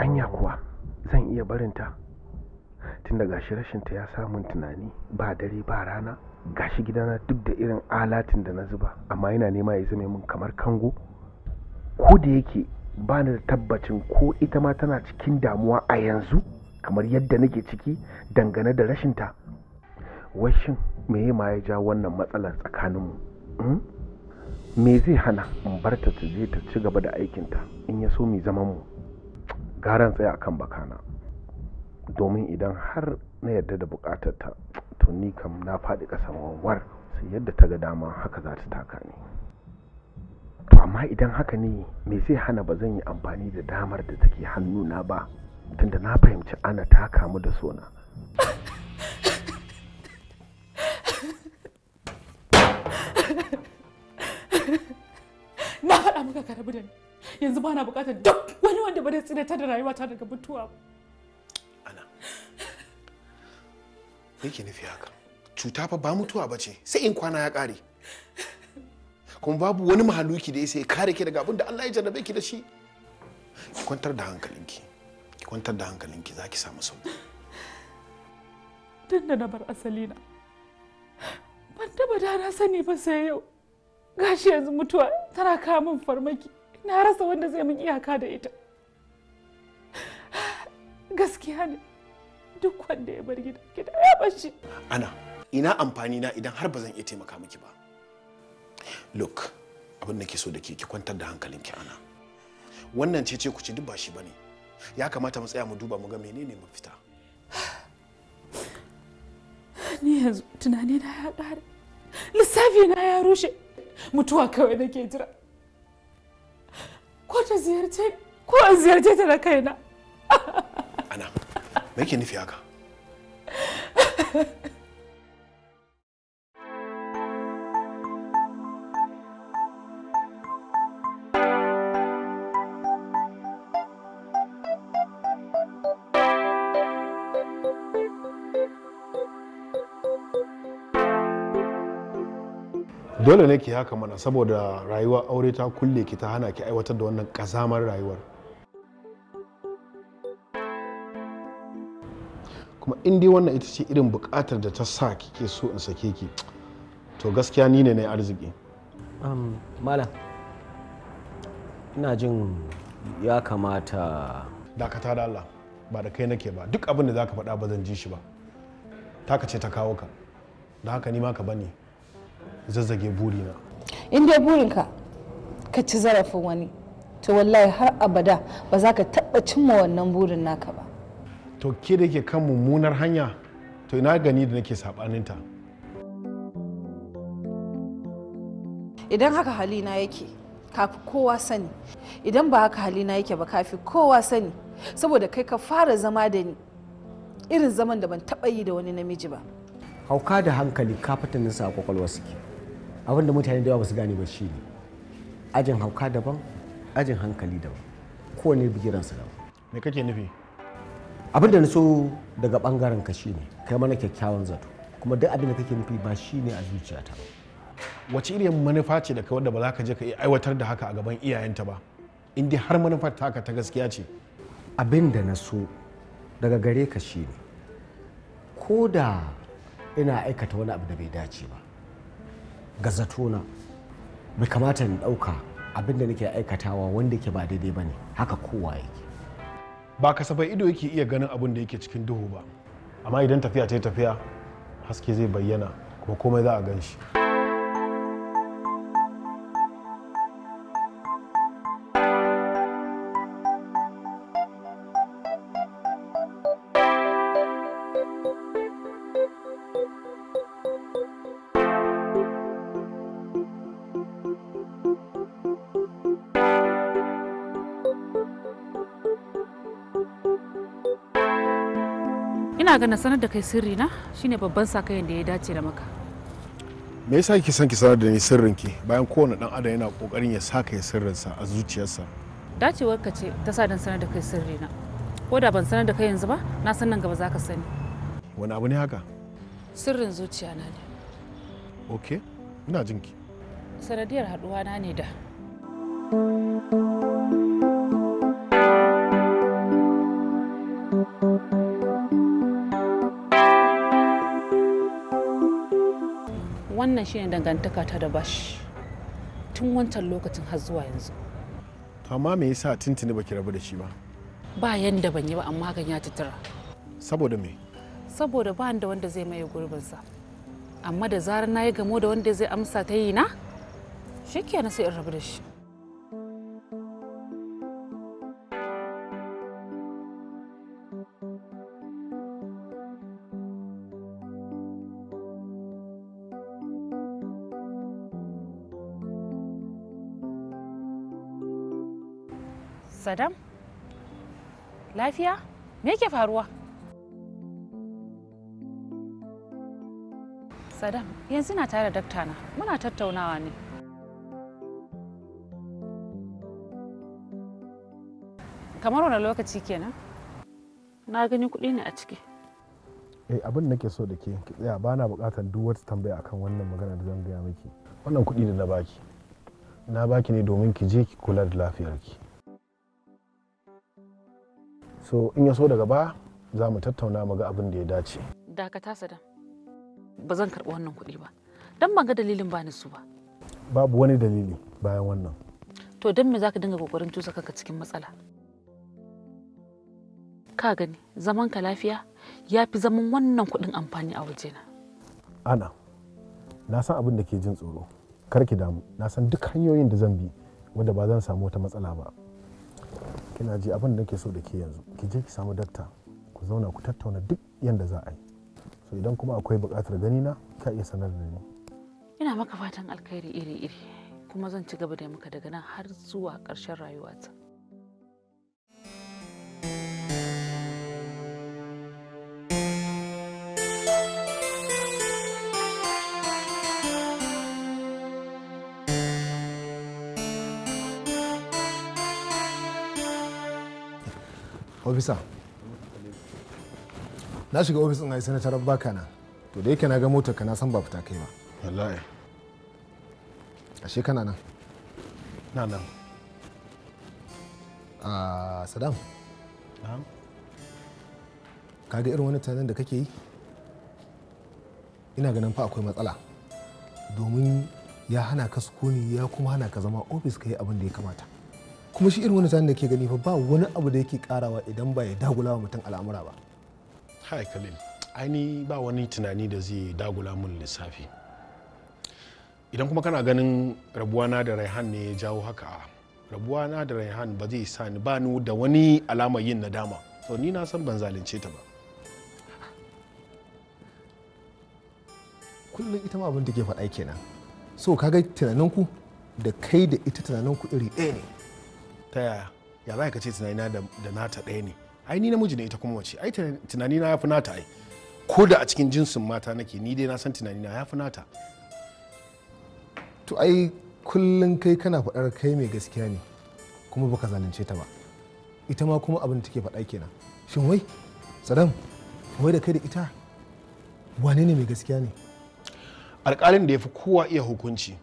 anya kuwa zan iya barinta tun daga shi rashinta ya samun tunani ba dare ba rana gashi gidana duk da irin alatin da na zuba amma yana nema ya zame min kamar kango ko da yake ba ni da tabbacin ko ita ma tana cikin damuwa a yanzu kamar yadda nake ciki dangane da rashinta washin me ma ya ja wannan matsalar tsakaninmu hmm? me zai hana in bar ta ta je ta ci gaba da aikinta in ya so mai zaman mu garan tsaya akan bakana domin idan har na yarda da ta. to ni kam na faɗi ƙasa wanwar sai yadda ta ga dama haka za ta taka ni to amma idan haka ne me zai hana ba zan yi amfani da damar da take na ba tunda na fahimci ana ta kamu da sona na haɗa maka karabu da ni yanzu ba na bukatar duk wani wanda ba zai tsinata da rayuwata daga mutuwa ba yake nufi haka cuta fa ba mutuwa bace sai in kwana ya ƙare kuma babu wani mahaluki da ya sai kare ki daga abin da Allah ya jarrabe ki da shi ki kwantar da hankalinki ki kwantar da hankalinki za ki samu sauki tun da na bar asali na ban taba da na sani ba sai yau gashi yanzu mutuwa tana kawo min farmaki na rasa wanda zai mun iyaka da ita gaskiya ne duk wanda ya bar gida gida ya bashi ana ina amfani na idan har ba zan iya taimaka miki ba look abin da ke so da ke ki kwantar da hankalinki ana wannan ce ce ku ci duk ba shi bane ya kamata mu tsaya mu duba mu ga menene fita. ni yanzu tunani na ya ƙare lissafi na ya rushe mutuwa kawai nake jira ko ta ziyarce ko ziyarce ta da kaina me yake nufi haka dole ne ki haka mana saboda rayuwar aure ta kulle ki ta hana ki aiwatar da wannan kazamar rayuwar kuma in dai wannan ita ce irin bukatar da ta sa kike so in sake ki to gaskiya ni ne na arziki malam ina jin ya kamata dakata da Allah ba da kai nake ba duk abin da zaka faɗa ba zan ji shi ba taka ce ta kawo ka da haka ni ma ka bani zazzage burina in dai burinka ka ci zarafin wani to wallahi har abada ba za ka taɓa cimma wannan burin naka ba to ke da ke kan mummunar hanya to ina gani da nake saɓaninta idan haka halina yake kafi kowa sani idan ba haka halina yake ba kafi kowa sani saboda kai ka fara zama da ni irin zaman da ban taɓa yi da wani namiji ba hauka da hankali ka fitanin sa a kwakwalwa suke abin da mutane da yawa su gane ba shi ne ajin hauka daban ajin hankali daban kowane bigiransa daban me kake nufi abin da na so daga bangaren ka shine kai mana kyakkyawan zato kuma duk abin da kake nufi ba shine a zuciyata ba wace irin manufa ce da kai wanda ba za ka je ka aiwatar da haka a gaban iyayenta ba in dai har manufar taka ta gaskiya ce abin da na so daga gare ka shine ko da ina aikata wani abu da bai dace ba ga na bai kamata in ɗauka abin da nake aikatawa wanda ke ba daidai ba ne haka kowa yake ba kasafai ido yake iya ganin abin da yake cikin duhu ba amma idan tafiya ce tafiya haske zai bayyana kuma komai za a gan shi ina sanar da kai sirri na shine babban sakayen da ya dace da maka me yasa kike son ki sanar da ni sirrin ki bayan kowane dan adam yana kokarin ya saka ya sirrinsa a zuciyarsa dacewar ka ce ta sa dan sanar da kai sirri na ko da ban sanar da kai yanzu ba na san nan gaba za ka sani wani abu ne haka sirrin zuciya na ne okay ina jinki sanadiyar haduwa na ne da thank you wannan shine dangantaka ta da bashi tun wancan lokacin har zuwa yanzu amma me yasa tuntuni baki rabu da shi ba ba yanda ban yi ba amma hakan ya tattara saboda me saboda ba da wanda zai maye sa amma da zarar na yi gamo da wanda zai amsa ta yi na na sai in rabu da shi Sadam? Lafiya? Me yake faruwa? Sadam, yanzu na tare da na, Muna tattaunawa ne. Kamar wani lokaci kenan? Na gani kuɗi ne a ciki. Eh, abin nake so da ke, ki tsaya ba na buƙatar duk wata tambaya akan wannan magana da zan gaya miki. Wannan kuɗi da na baki. Na baki ne domin ki je ki kula da lafiyarki. so in ya so daga ba za mu tattauna mu ga abin da ya dace dakata sadam ba zan karɓi wannan kuɗi ba dan ban ga dalilin ba su ba babu wani dalili bayan wannan to don me za ka dinga kokarin tusa kanka cikin matsala ka gani zaman ka lafiya ya fi zaman wannan kuɗin amfani a wajena ana na san abin da ke jin tsoro kar ki damu na san duk hanyoyin da zan bi wanda ba zan samu wata matsala ba kina ji abin da nake so da ke yanzu ki je ki samu dakta ku zauna ku tattauna duk yanda za a yi so idan kuma akwai buƙatar gani na ka iya sanar da ni ina maka fatan alkhairi iri-iri kuma zan ci gaba da maka daga nan har zuwa ƙarshen rayuwata ofisa na shiga ofis ɗin a yi sanatar baka na to da yake na ga motar ka na san ba fita kai ba wallahi ashe kana nan na nan a ah, sadam ka ga irin wani tunanin da kake yi ina ganin fa akwai matsala domin ya hana ka sukuni ya kuma hana ka zama ofis ka yi abin da ya kamata kuma shi irin wani tani da ke gani ba wani abu da yake karawa idan ba ya dagula wa mutum al'amura ba hai khalil aini ba wani tunani da zai dagula mun lissafi idan kuma kana ganin rabuwana da raihan ne ya jawo haka rabuwana da raihan ba zai sa ni ba ni da wani alamar yin nadama to ni na san ban zalunce ta ba kullum ita ma abin da ke faɗa kenan so ka kaga ku da kai da ita tunanin ku iri ɗaya ne ta yaya ya za ka ce tunanina da nata ɗaya ne ai ni namiji ne ita kuma mace ai tunanina ya fi nata ai ko da a cikin jinsin mata nake ni dai na san tunanina ya fi nata to ai kullum kai kana faɗar kai mai gaskiya ne kuma baka zalunce ta ba ita ma kuma abin take faɗa kenan shin wai sadam wai da kai da ita wane ne mai gaskiya ne alƙalin da ya fi kowa iya hukunci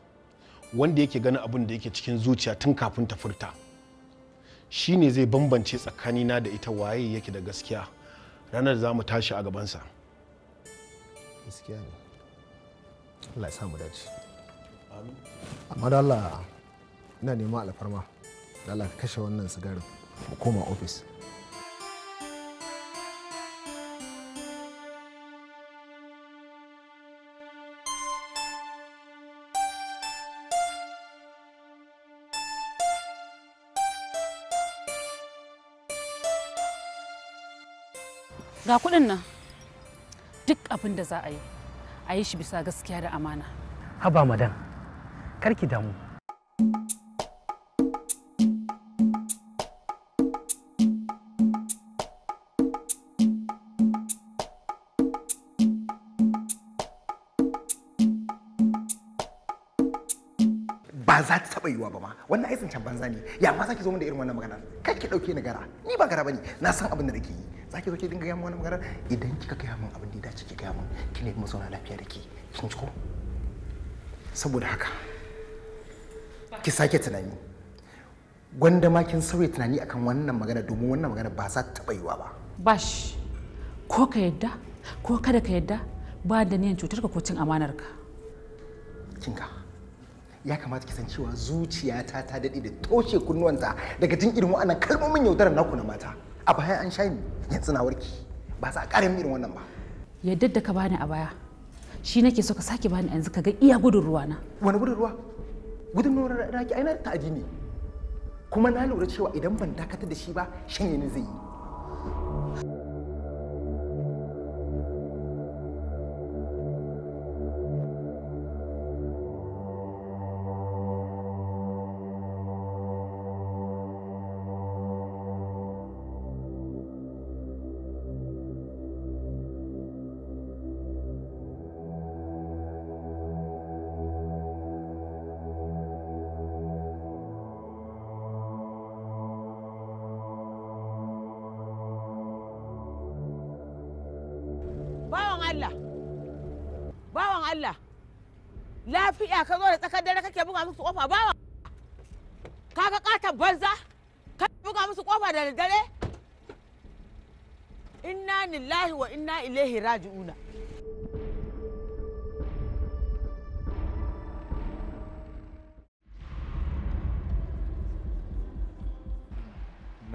wanda yake ganin abin da yake cikin zuciya tun kafin ta furta Shi ne zai bambance tsakanina da ita waye yake da gaskiya ranar da za mu tashi a gabansa gaskiya ne Allah ya samu dace amma da Allah ina neman alfarma da Allah ka kashe wannan sigarin mu koma ofis ga kudin nan duk abin da za a yi a yi shi bisa gaskiya da amana haba madan karki damu ba za ta taba yiwuwa ba ma wannan aikin can banza ne ya ma za ki zo da irin wannan magana kar ki dauke ni gara ni ba gara ba ne na san abin da nake yi za ki zo ki dinga gaya wani magana idan kika gaya min abin da ya dace ki gaya min ki ne mu zauna lafiya da ki kin ko saboda haka ki sake tunani gwanda ma kin sauya tunani akan wannan magana domin wannan magana ba za ta taba yiwa ba bash ko ka yadda ko kada ka yadda ba da niyan cutar ka ko cin amanar ka ka ya kamata ki san cewa zuciyata ta daɗe da toshe kunnuwanta daga jin irin wa'annan kalmomin yaudarar naku na mata a baya an sha ni yanzu na warki ba za a ƙara irin wannan ba yadda da ka bani a baya shi nake so ka sake bani yanzu ka ga iya gudun ruwa na wani gudun ruwa gudun ruwa na ki aina ta addini kuma na lura cewa idan ban dakatar da shi ba shanye ni zai yi tsaya ka zo da tsakar dare kake buga musu kofa bawa ka ga katon banza ka buga musu kofa da dare inna lillahi wa inna ilaihi raji'una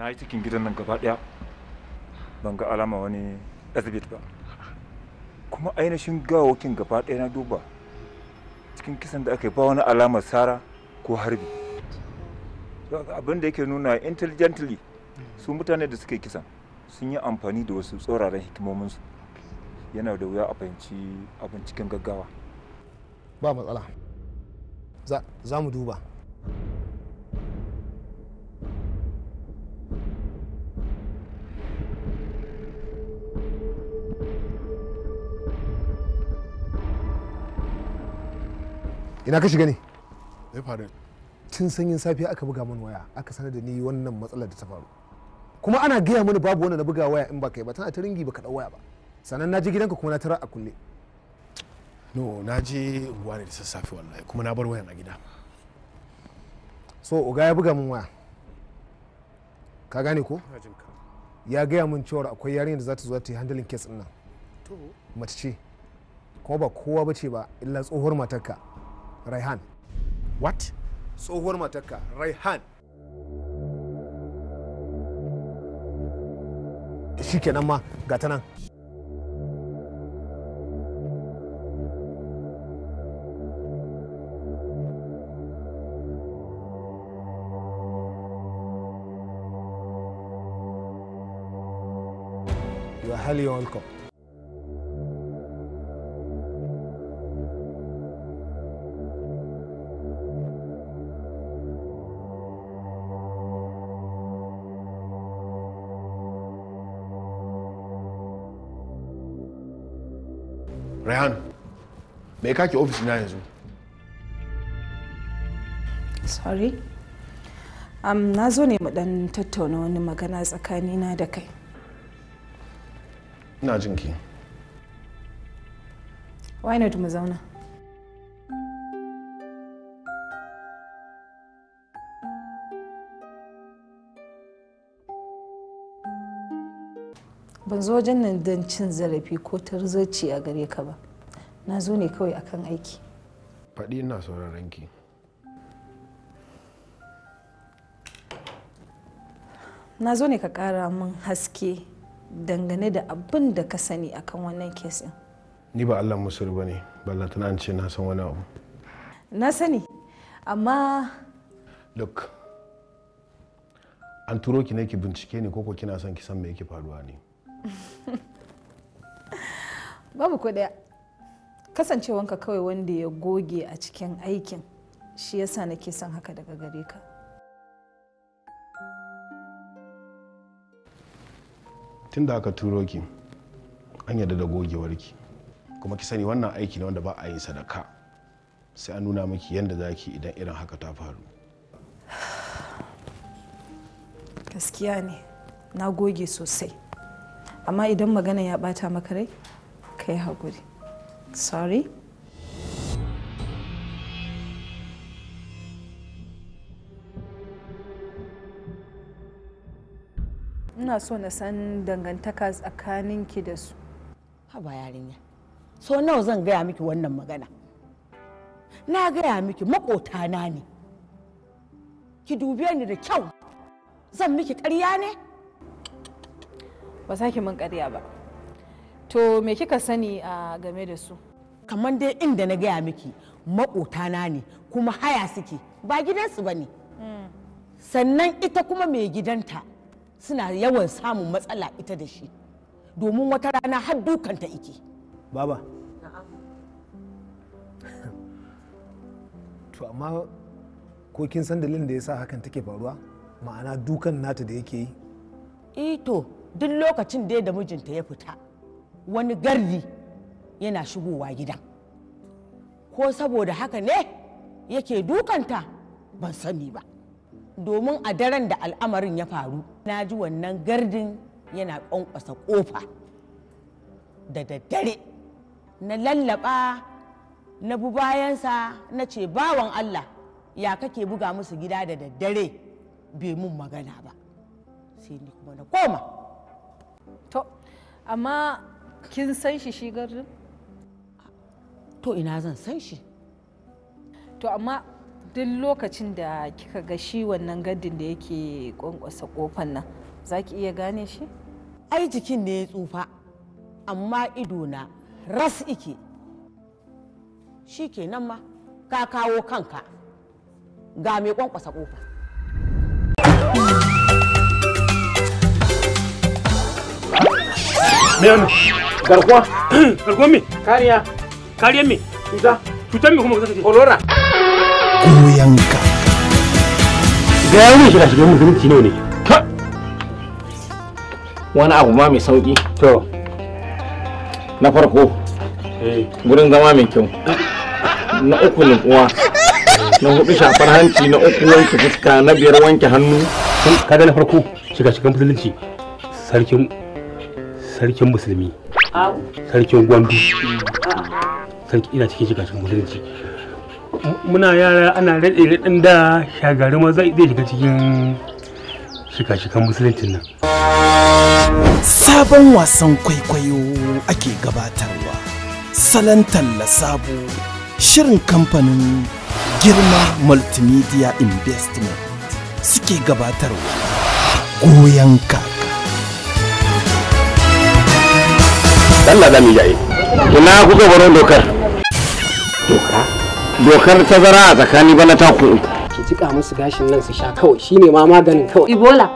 na yi cikin gidan nan gaba daya ban ga alama wani asibiti ba kuma ainihin gawokin gaba daya na duba cikin kisan da aka yi ba wani alamar sara ko harbi abin da yake nuna intelligently su mutane da suke kisan sun yi amfani da wasu tsoraren hikimominsu yana da wuya a fahimci abin cikin gaggawa ba matsala za mu duba ina ka shiga ne ya faru tun sanyin safiya aka buga mun waya aka sanar da ni wannan matsalar da ta faru kuma ana gaya mani babu wanda na buga waya in ba kai ba tana ta ringi baka dau waya ba sannan na je gidanka kuma na tara a kulle no na je unguwa ne da sassafe wallahi kuma na bar wayan a gida so uga ya buga min waya ka gane ko ya gaya mun cewa akwai yarinya da za ta zo ta yi handling case din nan mace ce kuma ba kowa bace ba illa tsohuwar matarka Raihan. What? Tsohuwar matarka Raihan. Shikenan ma ga ta nan. You are highly welcome. me kake ofis na yanzu sorry um, na zo ne mu dan tattauna wani magana tsakanina da kai ina jinki why not mu zauna ban zo wajen nan don cin zarafi ko tarzaci a gare ka ba na zo ne kawai akan aiki faɗi ina sauraron ki na zo ne ka ƙara min haske dangane da abin da ka sani akan wannan kesin ni ba allah musul ba ne ballatana an ce na san wani abu na sani amma look an turo ki ne ki bincike ne koko kina son ki san me yake faruwa ne babu kuɗaya. kasancewanka kawai wanda ya goge a cikin aikin shi yasa nake son haka daga gare ka tun da aka turo ki an yarda da gogewar ki kuma ki sani wannan aiki ne wanda ba a yi sadaka sai an nuna miki yadda za ki idan irin haka ta faru gaskiya ne na goge sosai amma idan magana ya bata maka rai ka yi haƙuri Sorry. ina so na san dangantaka tsakanin ki da su haba yarinya so nawa zan gaya miki wannan magana na gaya miki makotana ne ki dube ni da kyau zan miki ƙarya ne ba ki min ƙarya ba to me kika sani a game da su kamar dai inda na gaya miki maƙotana ne kuma haya suke ba gidansu ba ne mm. sannan ita kuma mai gidanta suna yawan samun matsala ita da shi domin wata rana har dukanta ike baba to amma ko kin san dalilin da ya sa hakan take faruwa ma'ana dukan nata da yake yi ito eh duk lokacin da da mijinta ya fita wani gardi yana shigowa gidan ko saboda haka ne yake dukanta ban sani ba domin a daren da al'amarin ya faru na ji wannan gardin yana ƙwanƙwasa ƙofa da daddare na lallaba na bu bayansa na ce bawan allah ya kake buga musu gida da daddare bai mun magana ba sai ni kuma na koma to amma kin san shi shi garin to ina zan san shi to amma duk lokacin da kika ga shi wannan gadin da yake kwankwasa ƙofan nan za ki iya gane shi ai jikin ne ya tsufa amma ido na ras ike shi ke nan ma ka kawo kanka ga mai kwankwasa ƙofa. me wannan garkuwa garkuwa me kariya kariya me cuta cutar me kuma ka sace kolora goyanka ga yawon shiga shiga musulunci ne ne wani abu ma mai sauki to na farko gurin eh. zama mai kyau na uku kuwa na hudu shafar hanci na uku wanke fuska na biyar wanke hannu kada na farko shiga shigan musulunci sarkin sarkin musulmi sarkin gwambi ah. sarki ina cikin shiga cikin musulunci muna yara ana rade raɗin da shagari ma zai shiga cikin shiga shikan musulunci nan sabon wasan kwaikwayo ake gabatarwa salon talla sabo shirin kamfanin girma multimedia investment suke gabatarwa goyon kaka Allah za mu jaye ina kuka baro dokar doka dokar tazara a tsakani bana ta ku ki jika musu gashin nan su sha kawai shine ma maganin kawai ibola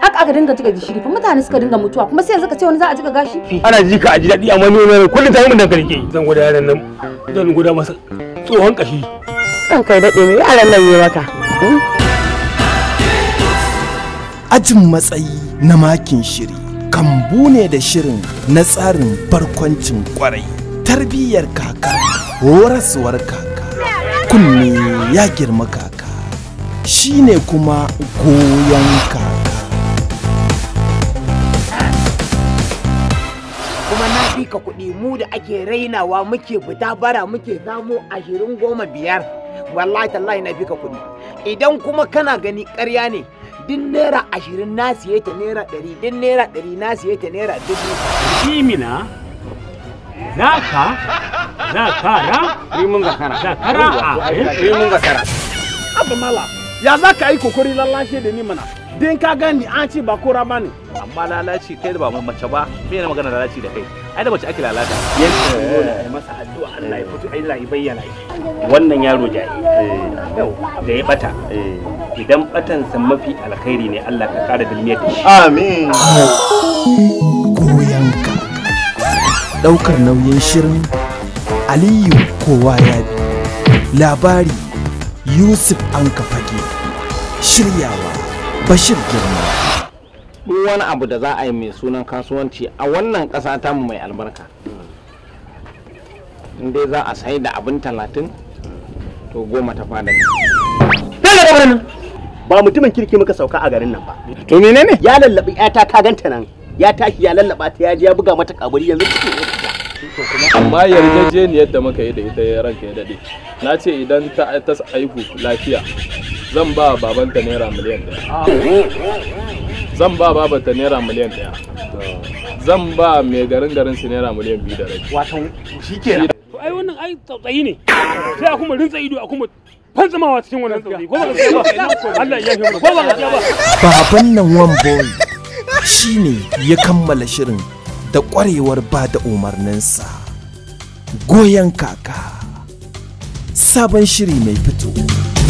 haka aka dinga jika gishiri fa mutane suka dinga mutuwa kuma sai yanzu ka ce wani za a jika gashi ana jika a ji daɗi amma ni ne kullum yi mun dankali ke zan gwada yaran nan zan gwada masa tsohon kashi kan kai daɗe ne yaran nan ne maka ajin matsayi na makin shiri kambu ne da shirin na tsarin barkwancin kwarai tarbiyyar kaka horaswar kaka kunne ya girma kaka shi ne kuma goyon kaka kuma na fi ka kuɗi mu da ake rainawa muke fita bara muke zamo ashirin goma biyar wallahi tallahi na fi ka kuɗi idan kuma kana gani ƙarya ne din naira ashirin na siye ta naira ɗari din naira ɗari na siye ta naira dubu. Kimina zaka zakara rimin zakara zakara a rimin zakara. Abba mala ya za ka yi kokori lalashe da ni mana din ka gani an ce ba kora ba ne. Amma lalaci kai da ba mace ba me yana magana lalaci da kai. ai da bace ake lalata yanzu dole ai masa addu'a Allah ya fito Allah ya bayyana eh. wannan yaro jaye eh. da ya bata eh. idan batan san mafi alkhairi ne Allah ka kara dalmiyar da shi amin koyanka daukar nauyin shirin Aliyu kowa ya bi labari Yusuf an kafake shiryawa Bashir Girma duk wani abu da za a yi mai sunan kasuwanci a wannan ƙasa ta mu mai albarka in dai za a sai da abin talatin to goma ta fada ba mutumin kirki muka sauka a garin nan ba to menene ya lallabi yata ka ganta nan ya tashi ya lallaba ta ya ya buga mata kaburi yanzu amma yarjejeniyar da muka yi da ita ya ranka ya dade na ce idan ta aiku lafiya zan ba babanta naira miliyan ɗaya zan ba baba ta naira miliyan ɗaya zan ba mai garin garin su naira miliyan biyu da rai wato shi ke to ai wannan ai tsautsayi ne sai a kuma rintsa ido a kuma fantsamawa cikin wannan tsautsayi ko ba gaskiya ba Allah ya ko ba gaskiya ba baban nan one boy shine ya kammala shirin da kwarewar ba da umarninsa goyon kaka sabon shiri mai fito